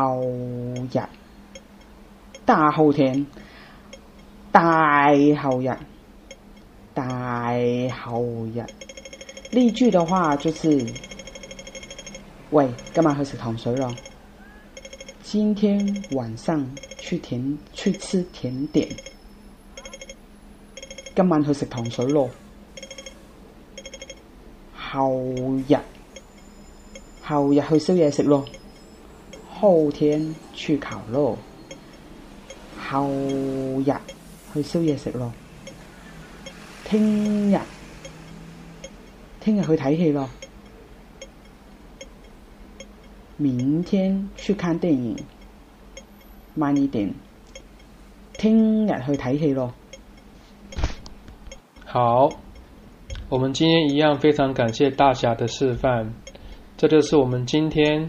後日，大後天，大後日，大後日，呢句嘅話就是：喂，今晚去食糖水咯。今天晚上去甜去吃甜點。今晚去食糖水咯。後日後日去宵夜食咯。後天去烤咯，後日去燒嘢食咯，聽日聽日去睇戲咯，明天去看電影，慢一點，聽日去睇戲咯。好，我們今天一樣非常感謝大俠的示範，這就是我們今天。